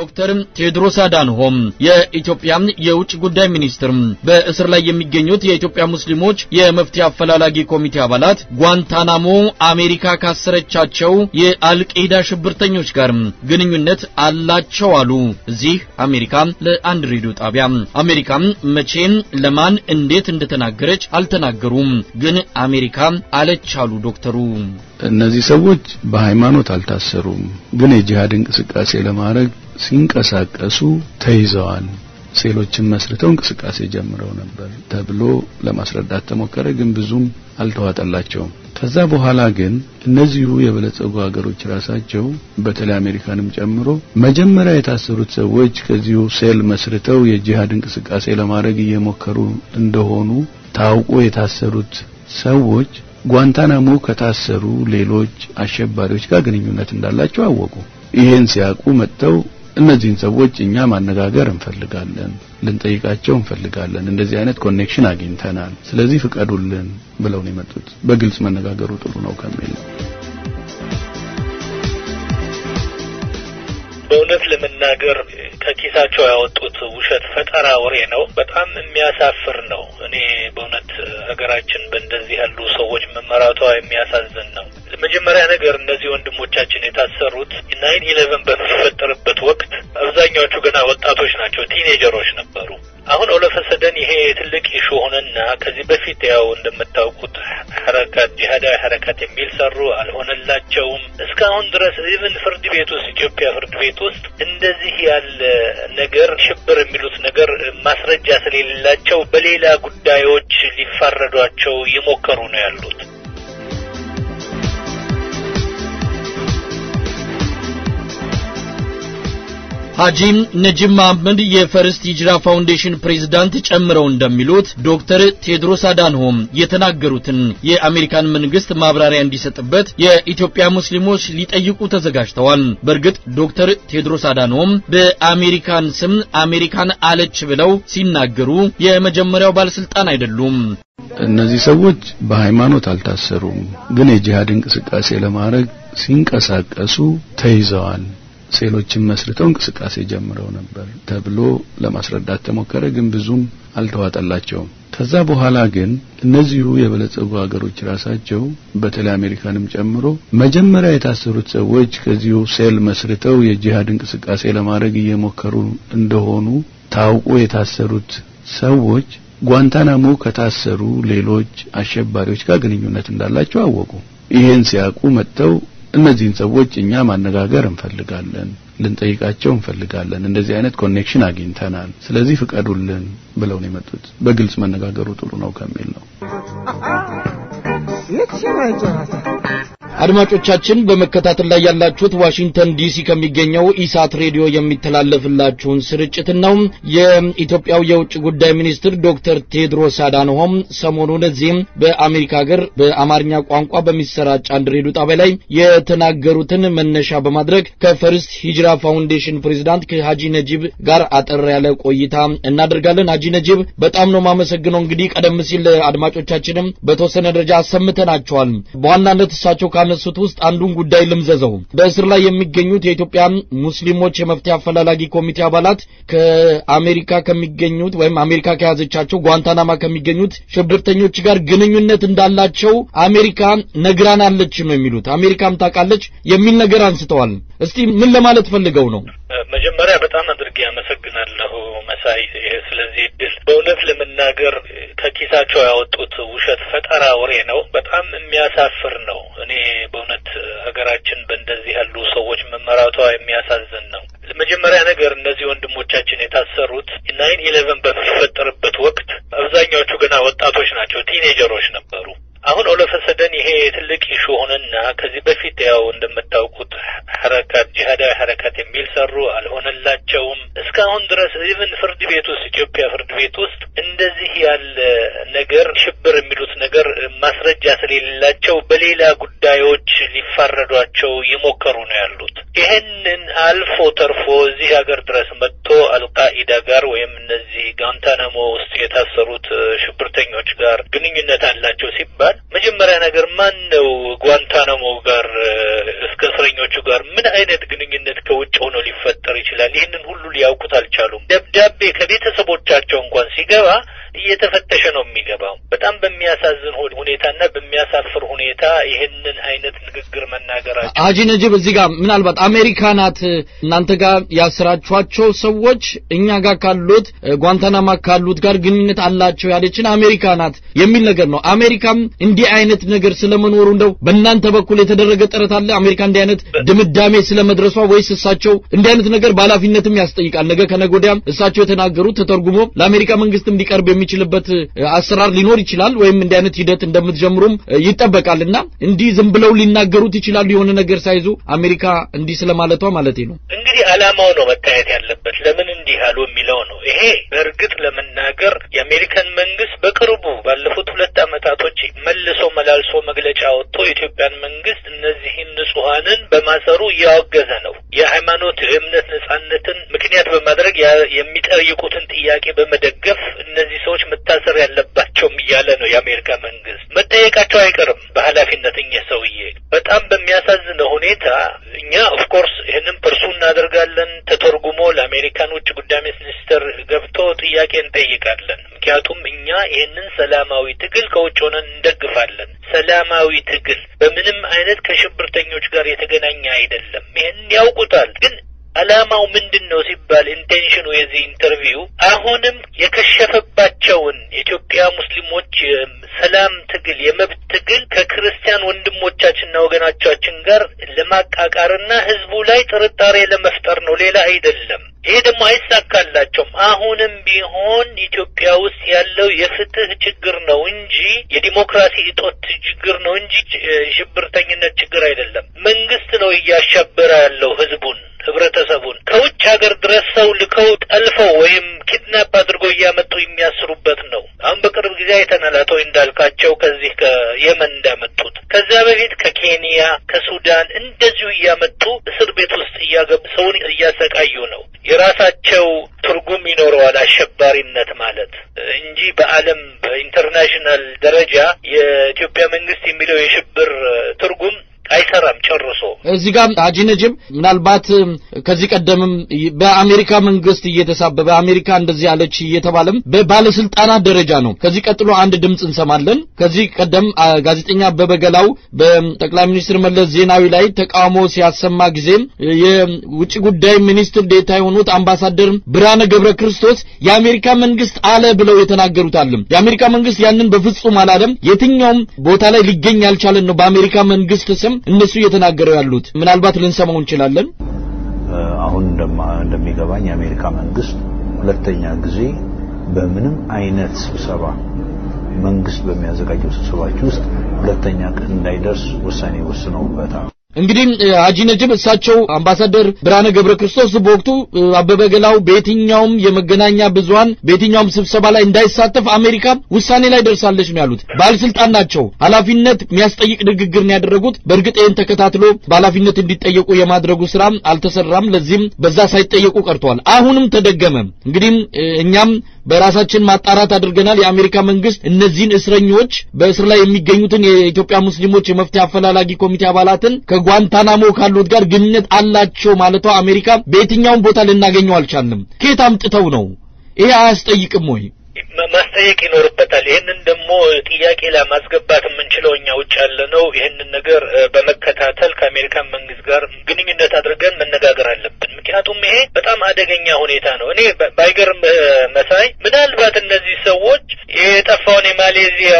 ዶክተር ቴዎድሮስ አዳንሆም የኢትዮጵያ የውጭ ጉዳይ ሚኒስትር በእስር ላይ የሚገኙት የኢትዮጵያ ሙስሊሞች የመፍትሄ አፈላላጊ ኮሚቴ አባላት ጓንታናሞ አሜሪካ ካሰረቻቸው የአልቃይዳ ሽብርተኞች ጋር ግንኙነት አላቸው አሉ። እዚህ አሜሪካ ለአንድ ሬዲዮ ጣቢያ አሜሪካ መቼ ለማን እንዴት እንደተናገረች አልተናገሩም፣ ግን አሜሪካ አለች አሉ ዶክተሩ። እነዚህ ሰዎች በሃይማኖት አልታሰሩም፣ ግን የጂሃድ እንቅስቃሴ ለማድረግ ሲንቀሳቀሱ ተይዘዋል፣ ሴሎችን መስርተው እንቅስቃሴ ጀምረው ነበር ተብሎ ለማስረዳት ተሞከረ፣ ግን ብዙም አልተዋጠላቸውም። ከዛ በኋላ ግን እነዚሁ የበለጸጉ ሀገሮች ራሳቸው በተለይ አሜሪካንም ጨምሮ መጀመሪያ የታሰሩት ሰዎች ከዚሁ ሴል መስርተው የጂሃድ እንቅስቃሴ ለማድረግ እየሞከሩ እንደሆኑ ታውቆ የታሰሩት ሰዎች ጓንታናሞ ከታሰሩ ሌሎች አሸባሪዎች ጋር ግንኙነት እንዳላቸው አወቁ። ይህን ሲያውቁ መጥተው እነዚህን ሰዎች እኛ ማነጋገር እንፈልጋለን፣ ልንጠይቃቸው እንፈልጋለን፣ እንደዚህ አይነት ኮኔክሽን አግኝተናል፣ ስለዚህ ፍቀዱልን ብለው ነው የመጡት። በግልጽ መነጋገሩ ጥሩ ነው ከሚል እውነት ለመናገር ከኪሳቸው ያወጡት ውሸት ፈጠራ ወሬ ነው። በጣም የሚያሳፍር ነው። እኔ በእውነት ሀገራችን በእንደዚህ ያሉ ሰዎች መመራቷ የሚያሳዝን ነው። መጀመሪያ ነገር እነዚህ ወንድሞቻችን የታሰሩት ናይን ኢለቨን በሚፈጠርበት ወቅት አብዛኛዎቹ ገና ወጣቶች ናቸው፣ ቲኔጀሮች ነበሩ። አሁን ኦለፈሰደን ይሄ ትልቅ ኢሹ ሆነና ከዚህ በፊት ያው እንደምታውቁት ሀረካት ጂሀዳዊ ሀረካት የሚል ሰሩ፣ አልሆነላቸውም። እስካሁን ድረስ ኢቭን ፍርድ ቤት ውስጥ ኢትዮጵያ ፍርድ ቤት ውስጥ እንደዚህ ያለ ነገር ሽብር የሚሉት ነገር ማስረጃ ስለሌላቸው በሌላ ጉዳዮች ሊፋረዷቸው እየሞከሩ ነው ያሉት። ሀጂ ነጂብ መሐመድ የፈርስት ሂጅራ ፋውንዴሽን ፕሬዝዳንት ጨምረው እንደሚሉት ዶክተር ቴድሮስ አዳንሆም የተናገሩትን የአሜሪካን መንግስት ማብራሪያ እንዲሰጥበት የኢትዮጵያ ሙስሊሞች ሊጠይቁ ተዘጋጅተዋል። በእርግጥ ዶክተር ቴድሮስ አዳንሆም በአሜሪካን ስም አሜሪካን አለች ብለው ሲናገሩ የመጀመሪያው ባለስልጣን አይደሉም። እነዚህ ሰዎች በሃይማኖት አልታሰሩም፣ ግን የጂሃድ እንቅስቃሴ ለማድረግ ሲንቀሳቀሱ ተይዘዋል። ሴሎችን መስርተው እንቅስቃሴ ጀምረው ነበር ተብሎ ለማስረዳት ተሞከረ፣ ግን ብዙም አልተዋጠላቸውም። ከዛ በኋላ ግን እነዚሁ የበለጸጉ ሀገሮች ራሳቸው በተለይ አሜሪካንም ጨምሮ መጀመሪያ የታሰሩት ሰዎች ከዚሁ ሴል መስርተው የጂሃድ እንቅስቃሴ ለማድረግ እየሞከሩ እንደሆኑ ታውቆ የታሰሩት ሰዎች ጓንታናሞ ከታሰሩ ሌሎች አሸባሪዎች ጋር ግንኙነት እንዳላቸው አወቁ። ይህን ሲያውቁ መጥተው እነዚህን ሰዎች እኛ ማነጋገር እንፈልጋለን፣ ልንጠይቃቸው እንፈልጋለን፣ እንደዚህ አይነት ኮኔክሽን አግኝተናል፣ ስለዚህ ፍቀዱልን ብለው ነው የመጡት። በግልጽ መነጋገሩ ጥሩ ነው ከሚል ነው። አድማጮቻችን በመከታተል ላይ ያላችሁት ዋሽንግተን ዲሲ ከሚገኘው ኢሳት ሬዲዮ የሚተላለፍላችሁን ስርጭት ነው። የኢትዮጵያው የውጭ ጉዳይ ሚኒስትር ዶክተር ቴድሮስ አዳንሆም ሰሞኑን እዚህም በአሜሪካ ሀገር በአማርኛ ቋንቋ በሚሰራጭ አንድ ሬዲዮ ጣቢያ ላይ የተናገሩትን መነሻ በማድረግ ከፈርስት ሂጅራ ፋውንዴሽን ፕሬዚዳንት ከሀጂ ነጂብ ጋር አጠር ያለ ቆይታ እናደርጋለን። ሀጂ ነጂብ በጣም ነው ማመሰግነው። እንግዲህ ቀደም ሲል አድማጮቻችንም በተወሰነ ደረጃ አሰምተናቸዋል። በዋናነት እሳቸው ካነሱት ውስጥ አንዱን ጉዳይ ልምዘዘው። በእስር ላይ የሚገኙት የኢትዮጵያ ሙስሊሞች የመፍትሄ አፈላላጊ ኮሚቴ አባላት ከአሜሪካ ከሚገኙት ወይም አሜሪካ ከያዘቻቸው ጓንታናማ ከሚገኙት ሽብርተኞች ጋር ግንኙነት እንዳላቸው አሜሪካ ነግራናለች ነው የሚሉት። አሜሪካም ታውቃለች የሚል ነገር አንስተዋል። እስቲ ምን ለማለት ፈልገው ነው? መጀመሪያ በጣም አድርጌ አመሰግናለሁ መሳይ፣ ስለዚህ እድል በእውነት ለመናገር ከኪሳቸው ያወጡት ውሸት ፈጠራ ወሬ ነው። በጣም የሚያሳፍር ነው። እኔ በእውነት ሀገራችን በእንደዚህ ያሉ ሰዎች መመራቷ የሚያሳዝን ነው። መጀመሪያ ነገር እነዚህ ወንድሞቻችን የታሰሩት ናይን ኢሌቨን በሚፈጠርበት ወቅት አብዛኛዎቹ ገና ወጣቶች ናቸው፣ ቲኔጀሮች ነበሩ። አሁን ኦለፈሰደን ይሄ ትልቅ ኢሹ ሆነና ከዚህ በፊት ያው እንደምታውቁት ሀረካት ጂሃዳዊ ሀረካት የሚል ሰሩ፣ አልሆነላቸውም። እስካሁን ድረስ ኢቨን ፍርድ ቤት ውስጥ ኢትዮጵያ ፍርድ ቤት ውስጥ እንደዚህ ያለ ነገር ሽብር የሚሉት ነገር ማስረጃ ስለሌላቸው በሌላ ጉዳዮች ሊፋረዷቸው እየሞከሩ ነው ያሉት። ይሄንን አልፎ ተርፎ እዚህ ሀገር ድረስ መጥቶ አልቃኢዳ ጋር ወይም እነዚህ ጋንታናሞ ውስጥ የታሰሩት ሽብርተኞች ጋር ግንኙነት አላቸው ሲባል ሲባል መጀመሪያ ነገር ማን ነው ጓንታናሞ ጋር እስከ እስረኞቹ ጋር ምን አይነት ግንኙነት ከውጭ ሆኖ ሊፈጠር ይችላል? ይህንን ሁሉ ሊያውቁት አልቻሉም። ደብዳቤ ከቤተሰቦቻቸው እንኳን ሲገባ እየተፈተሸ ነው የሚገባው። በጣም በሚያሳዝን ሁኔታና በሚያሳፍር ሁኔታ ይህንን አይነት ንግግር መናገራቸው አጂ ነጅብ፣ እዚህ ጋር ምናልባት አሜሪካ ናት እናንተ ጋር ያስራችኋቸው ሰዎች እኛ ጋር ካሉት ጓንታናማ ካሉት ጋር ግንኙነት አላቸው ያለችን አሜሪካ ናት የሚል ነገር ነው። አሜሪካም እንዲህ አይነት ነገር ስለመኖሩ እንደው በእናንተ በኩል የተደረገ ጥረት አለ? አሜሪካ እንዲህ አይነት ድምዳሜ ስለመድረሷ ወይስ እሳቸው እንዲህ አይነት ነገር በኃላፊነትም ያስጠይቃል። ነገ ከነገ ወዲያም እሳቸው የተናገሩት ተተርጉሞ ለአሜሪካ መንግስትም ሊቀርብ የሚችልበት አሰራር ሊኖር ይችላል ወይም እንዲህ አይነት ሂደት እንደምትጀምሩም ይጠበቃልና እንዲህ ዝም ብለው ሊናገሩት ይችላሉ። የሆነ ነገር ሳይዙ አሜሪካ እንዲህ ስለማለቷ ማለት ነው። እንግዲህ አላማው ነው መታየት ያለበት ለምን እንዲህ አሉ የሚለው ነው። ይሄ በእርግጥ ለመናገር የአሜሪካን መንግስት በቅርቡ ባለፉት ሁለት አመታቶች መልሶ መላልሶ መግለጫ ወጥቶ የኢትዮጵያን መንግስት እነዚህን ንጹሐንን በማሰሩ እያወገዘ ነው። የሃይማኖት የእምነት ነጻነትን ምክንያት በማድረግ የሚጠይቁትን ጥያቄ በመደገፍ እነዚህ ሰው ሰዎች መታሰር ያለባቸውም እያለ ነው የአሜሪካ መንግስት። መጠየቃቸው አይቀርም በኃላፊነት ሰውዬ በጣም በሚያሳዝነው ሁኔታ እኛ ኦፍኮርስ ይህንን ፕርሱ እናደርጋለን። ተተርጉሞ ለአሜሪካን ውጭ ጉዳይ ሚኒስትር ገብቶ ጥያቄ እንጠይቃለን። ምክንያቱም እኛ ይህንን ሰላማዊ ትግል ከውጭ ሆነን እንደግፋለን። ሰላማዊ ትግል በምንም አይነት ከሽብርተኞች ጋር የተገናኘ አይደለም። ይህን ያውቁታል ግን አላማው ምንድን ነው ሲባል ኢንቴንሽኑ የዚህ ኢንተርቪው አሁንም የከሸፈባቸውን የኢትዮጵያ ሙስሊሞች ሰላም ትግል የመብት ትግል ከክርስቲያን ወንድሞቻችንና ወገናቻችን ጋር ለማቃቃርና ህዝቡ ላይ ጥርጣሬ ለመፍጠር ነው፣ ሌላ አይደለም። ይሄ ደግሞ አይሳካላቸውም። አሁንም ቢሆን ኢትዮጵያ ውስጥ ያለው የፍትህ ችግር ነው እንጂ የዲሞክራሲ እጦት ችግር ነው እንጂ ሽብርተኝነት ችግር አይደለም። መንግስት ነው እያሸበረ ያለው ተወያይተናል። አቶ እንዳልካቸው ከዚህ ከየመን እንዳመጡት ከዛ በፊት ከኬንያ ከሱዳን እንደዚሁ እያመጡ እስር ቤት ውስጥ እያገቡ ሰውን እያሰቃዩ ነው። የራሳቸው ትርጉም ይኖረዋል አሸባሪነት ማለት እንጂ በአለም በኢንተርናሽናል ደረጃ የኢትዮጵያ መንግስት የሚለው የሽብር ትርጉም አይሰራም ጨርሶ። እዚህ ጋር ሀጂ ነጅም ምናልባት ከዚህ ቀደምም በአሜሪካ መንግስት እየተሳበበ አሜሪካ እንደዚህ አለች እየተባለም በባለስልጣናት ደረጃ ነው። ከዚህ ቀጥሎ አንድ ድምፅ እንሰማለን። ከዚህ ቀደም ጋዜጠኛ አበበ ገላው በጠቅላይ ሚኒስትር መለስ ዜናዊ ላይ ተቃውሞ ሲያሰማ ጊዜ የውጭ ጉዳይ ሚኒስትር ዴታ የሆኑት አምባሳደር ብርሃነ ገብረ ክርስቶስ የአሜሪካ መንግስት አለ ብለው የተናገሩት አለም የአሜሪካ መንግስት ያንን በፍጹም አላለም። የትኛውም ቦታ ላይ ሊገኝ ያልቻለን ነው በአሜሪካ መንግስት ስም እነሱ እየተናገረው ያሉት ምናልባት ልንሰማው እንችላለን። አሁን እንደሚገባኝ የአሜሪካ መንግስት ሁለተኛ ጊዜ በምንም አይነት ስብሰባ መንግስት በሚያዘጋጀው ስብሰባዎች ውስጥ ሁለተኛ ቀን እንዳይደርስ ውሳኔ ወስነውበታል። እንግዲህ ሀጂ ነጅብ እሳቸው አምባሳደር ብርሃነ ገብረ ክርስቶስ በወቅቱ አበበ ገላው በየትኛውም የመገናኛ ብዙሀን በየትኛውም ስብሰባ ላይ እንዳይሳተፍ አሜሪካ ውሳኔ ላይ ደርሳለች ነው ያሉት። ባለስልጣን ናቸው፣ ኃላፊነት የሚያስጠይቅ ንግግር ነው ያደረጉት። በእርግጥ ይህን ተከታትሎ በኃላፊነት እንዲጠየቁ የማድረጉ ስራ አልተሰራም። ለዚህም በዛ ሳይጠየቁ ቀርተዋል። አሁንም ተደገመ። እንግዲህ እኛም በራሳችን ማጣራት አድርገናል። የአሜሪካ መንግስት እነዚህን እስረኞች በእስር ላይ የሚገኙትን የኢትዮጵያ ሙስሊሞች የመፍትሄ አፈላላጊ ኮሚቴ አባላትን ከጓንታናሞ ካሉት ጋር ግንኙነት አላቸው ማለቷ አሜሪካ በየትኛውም ቦታ ልናገኘው አልቻልንም። ከየት አምጥተው ነው? ይሄ አያስጠይቅም ወይ? ማስጠየቅ ይኖርበታል። ይህንን ደግሞ ጥያቄ ለማስገባት የምንችለው እኛ ውጭ ያለ ነው። ይህንን ነገር በመከታተል ከአሜሪካን መንግስት ጋር ግንኙነት አድርገን መነጋገር አለብን። ምክንያቱም ይሄ በጣም አደገኛ ሁኔታ ነው። እኔ ባይገርም መሳይ ምናልባት እነዚህ ሰዎች የጠፋውን የማሌዚያ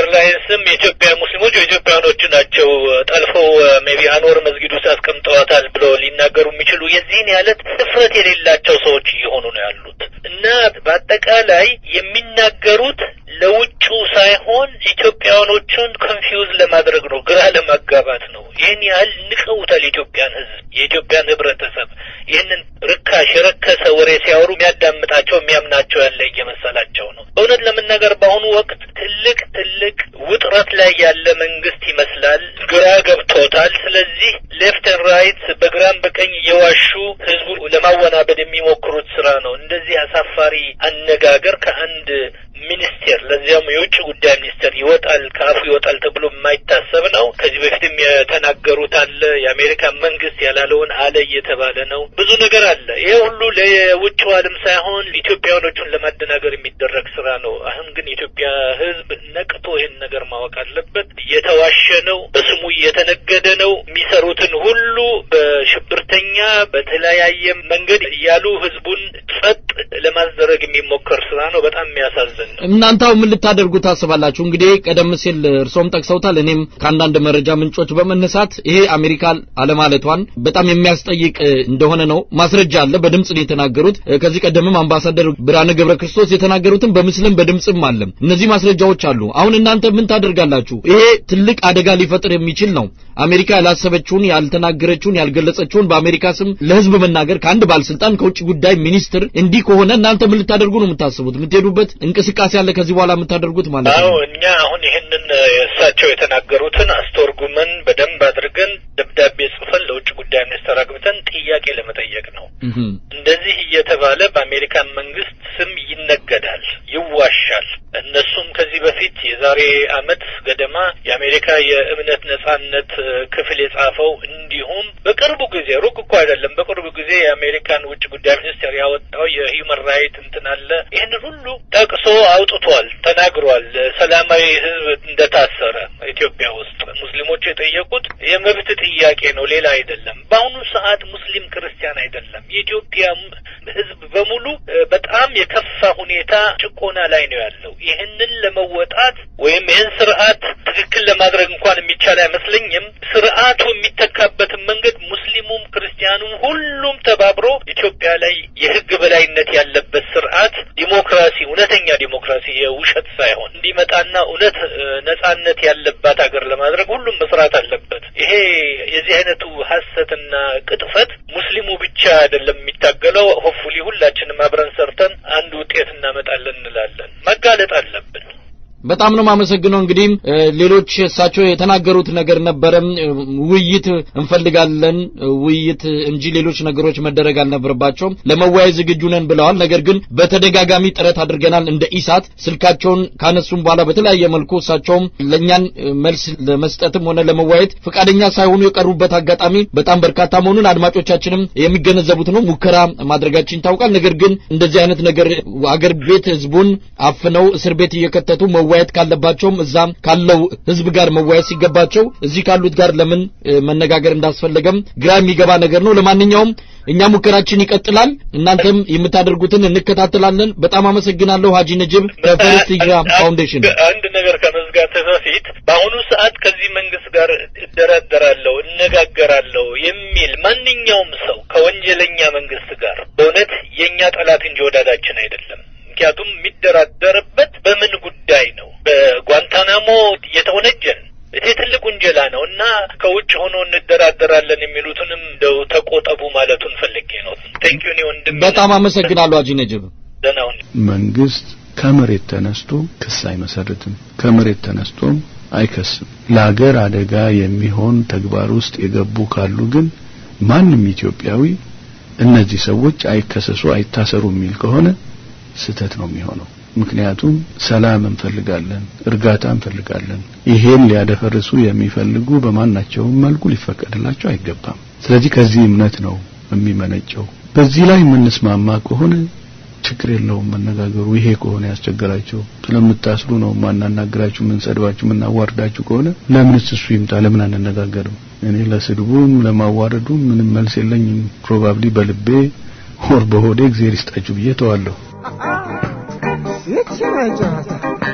ኤርላይንስም የኢትዮጵያ ሙስሊሞች የኢትዮጵያኖቹ ናቸው ጠልፈው ሜቢ አኖር መስጊድ ውስጥ አስቀምጠዋታል ብለው ሊናገሩ የሚችሉ የዚህን ያለት ስፍረት የሌላቸው ሰዎች እየሆኑ ነው ያሉት እና በአጠቃላይ የሚናገሩት ለውጩ ሳይሆን ኢትዮጵያውያኖቹን ኮንፊውዝ ለማድረግ ነው፣ ግራ ለማጋባት ነው። ይህን ያህል ንቀውታል የኢትዮጵያን ህዝብ፣ የኢትዮጵያን ህብረተሰብ። ይህንን ርካሽ የረከሰ ወሬ ሲያወሩ የሚያዳምጣቸው የሚያምናቸው ያለ እየመሰላቸው ነው። እውነት ለመናገር በአሁኑ ወቅት ትልቅ ትልቅ ውጥረት ላይ ያለ መንግስት ይመስላል። ግራ ገብቶታል። ስለዚህ ሌፍት ራይት በግራም በቀኝ እየዋሹ ህዝቡ ለማወናበድ የሚሞክሩት ስራ ነው። እንደዚህ አሳፋሪ አነጋገር ከአንድ ሚኒስቴር ለዚያም የውጭ ጉዳይ ሚኒስቴር ይወጣል ከአፉ ይወጣል ተብሎ የማይታሰብ ነው። ከዚህ በፊትም የተናገሩት አለ። የአሜሪካ መንግስት ያላለውን አለ እየተባለ ነው። ብዙ ነገር አለ። ይሄ ሁሉ ለውጭው ዓለም ሳይሆን ኢትዮጵያውያኖቹን ለማደናገር የሚደረግ ስራ ነው። አሁን ግን የኢትዮጵያ ሕዝብ ነቅቶ ይህን ነገር ማወቅ አለበት። እየተዋሸ ነው፣ በስሙ እየተነገደ ነው። የሚሰሩትን ሁሉ በሽብርተኛ በተለያየ መንገድ እያሉ ህዝቡን ጸጥ ለማስደረግ የሚሞከር ስራ ነው። በጣም የሚያሳዝን እናንተ ምን ልታደርጉ ታስባላችሁ? እንግዲህ ቀደም ሲል እርሶም ጠቅሰውታል፣ እኔም ከአንዳንድ መረጃ ምንጮች በመነሳት ይሄ አሜሪካ አለማለቷን በጣም የሚያስጠይቅ እንደሆነ ነው። ማስረጃ አለ። በድምጽ ነው የተናገሩት። ከዚህ ቀደምም አምባሳደር ብርሃነ ገብረ ክርስቶስ የተናገሩትም በምስልም በድምጽም አለ። እነዚህ ማስረጃዎች አሉ። አሁን እናንተ ምን ታደርጋላችሁ? ይሄ ትልቅ አደጋ ሊፈጥር የሚችል ነው። አሜሪካ ያላሰበችውን፣ ያልተናገረችውን፣ ያልገለጸችውን በአሜሪካ ስም ለህዝብ መናገር ከአንድ ባለስልጣን ከውጭ ጉዳይ ሚኒስትር እንዲህ ከሆነ እናንተ ምን ልታደርጉ ነው የምታስቡት? የምትሄዱበት እንቅስቃሴ እንቅስቃሴ አለ ከዚህ በኋላ የምታደርጉት ማለት ነው? አዎ እኛ አሁን ይህንን እሳቸው የተናገሩትን አስተርጉመን በደንብ አድርገን ደብዳቤ ጽፈን ለውጭ ጉዳይ ሚኒስተር አግብተን ጥያቄ ለመጠየቅ ነው። እንደዚህ እየተባለ በአሜሪካን መንግስት ስም ይነገዳል፣ ይዋሻል። እነሱም ከዚህ በፊት የዛሬ አመት ገደማ የአሜሪካ የእምነት ነጻነት ክፍል የጻፈው እንዲሁም በቅርቡ ጊዜ ሩቅ እኮ አይደለም፣ በቅርቡ ጊዜ የአሜሪካን ውጭ ጉዳይ ሚኒስቴር ያወጣው የሂውመን ራይት እንትን አለ። ይህንን ሁሉ ጠቅሶ አውጥቷል፣ ተናግሯል። ሰላማዊ ህዝብ እንደታሰረ ኢትዮጵያ ውስጥ ወንድሞች የጠየቁት የመብት ጥያቄ ነው፣ ሌላ አይደለም። በአሁኑ ሰዓት ሙስሊም ክርስቲያን አይደለም። የኢትዮጵያ ህዝብ በሙሉ በጣም የከፋ ሁኔታ ጭቆና ላይ ነው ያለው። ይህንን ለመወጣት ወይም ይህን ስርዓት ትክክል ለማድረግ እንኳን የሚቻል አይመስለኝም። ስርዓቱ የሚተካበትን መንገድ ሙስሊሙም፣ ክርስቲያኑም ሁሉም ተባብሮ ኢትዮጵያ ላይ የህግ በላይነት ያለበት ስርዓት ዲሞክራሲ፣ እውነተኛ ዲሞክራሲ የውሸት ሳይሆን እንዲመጣና እውነት ነጻነት ያለባት ሀገር ለማድረግ ሁሉም መስራት አለበት። ይሄ የዚህ አይነቱ ሀሰትና ቅጥፈት ሙስሊሙ ብቻ አይደለም የሚታገለው ሆፉሊ ሁሉ ሁላችንም አብረን ሰርተን አንድ ውጤት እናመጣለን እንላለን። መጋለጥ አለብን። በጣም ነው የማመሰግነው። እንግዲህ ሌሎች እሳቸው የተናገሩት ነገር ነበረ። ውይይት እንፈልጋለን ውይይት እንጂ ሌሎች ነገሮች መደረግ አልነበረባቸውም። ለመወያይ ዝግጁ ነን ብለዋል። ነገር ግን በተደጋጋሚ ጥረት አድርገናል። እንደ ኢሳት ስልካቸውን ካነሱም በኋላ በተለያየ መልኩ እሳቸውም ለእኛን መልስ ለመስጠትም ሆነ ለመወያየት ፈቃደኛ ሳይሆኑ የቀሩበት አጋጣሚ በጣም በርካታ መሆኑን አድማጮቻችንም የሚገነዘቡት ነው። ሙከራ ማድረጋችን ይታወቃል። ነገር ግን እንደዚህ አይነት ነገር አገር ቤት ህዝቡን አፍነው እስር ቤት እየከተቱ መወያየት ካለባቸውም እዛ ካለው ህዝብ ጋር መወያየት ሲገባቸው እዚህ ካሉት ጋር ለምን መነጋገር እንዳስፈለገም ግራ የሚገባ ነገር ነው። ለማንኛውም እኛ ሙከራችን ይቀጥላል። እናንተም የምታደርጉትን እንከታተላለን። በጣም አመሰግናለሁ ሀጂ ነጅብ ከፈለስት ሂጅራ ፋውንዴሽን። አንድ ነገር ከመዝጋት በፊት በአሁኑ ሰዓት ከዚህ መንግስት ጋር እደራደራለሁ፣ እነጋገራለሁ የሚል ማንኛውም ሰው ከወንጀለኛ መንግስት ጋር በእውነት የእኛ ጠላት እንጂ ወዳዳችን አይደለም። ምክንያቱም የሚደራደርበት በምን ጉዳይ ነው? በጓንታናሞ የተወነጀን እቴ ትልቅ ውንጀላ ነው እና ከውጭ ሆኖ እንደራደራለን የሚሉትንም እንደው ተቆጠቡ ማለቱን ፈልጌ ነው። ቴንኪዩ። ወንድም በጣም አመሰግናለሁ። አጂ ነጅብ ደናውን መንግስት ከመሬት ተነስቶ ክስ አይመሰርትም። ከመሬት ተነስቶ አይከስም። ለሀገር አደጋ የሚሆን ተግባር ውስጥ የገቡ ካሉ ግን ማንም ኢትዮጵያዊ እነዚህ ሰዎች አይከሰሱ አይታሰሩ የሚል ከሆነ ስህተት ነው የሚሆነው። ምክንያቱም ሰላም እንፈልጋለን፣ እርጋታ እንፈልጋለን። ይሄን ሊያደፈርሱ የሚፈልጉ በማናቸውም መልኩ ሊፈቀድላቸው አይገባም። ስለዚህ ከዚህ እምነት ነው የሚመነጨው። በዚህ ላይ የምንስማማ ከሆነ ችግር የለውም መነጋገሩ። ይሄ ከሆነ ያስቸገራቸው ስለምታስሩ ነው ማናናግራችሁ፣ ምንሰድባችሁ፣ የምናዋርዳችሁ ከሆነ ለምንስ እሱ ይምጣ? ለምን አንነጋገርም? እኔ ለስድቡም ለማዋረዱም ምንም መልስ የለኝም። ፕሮባብሊ በልቤ ወር በሆዴ እግዜር ይስጣችሁ ብዬ ተዋለሁ። Ha ha ha ha!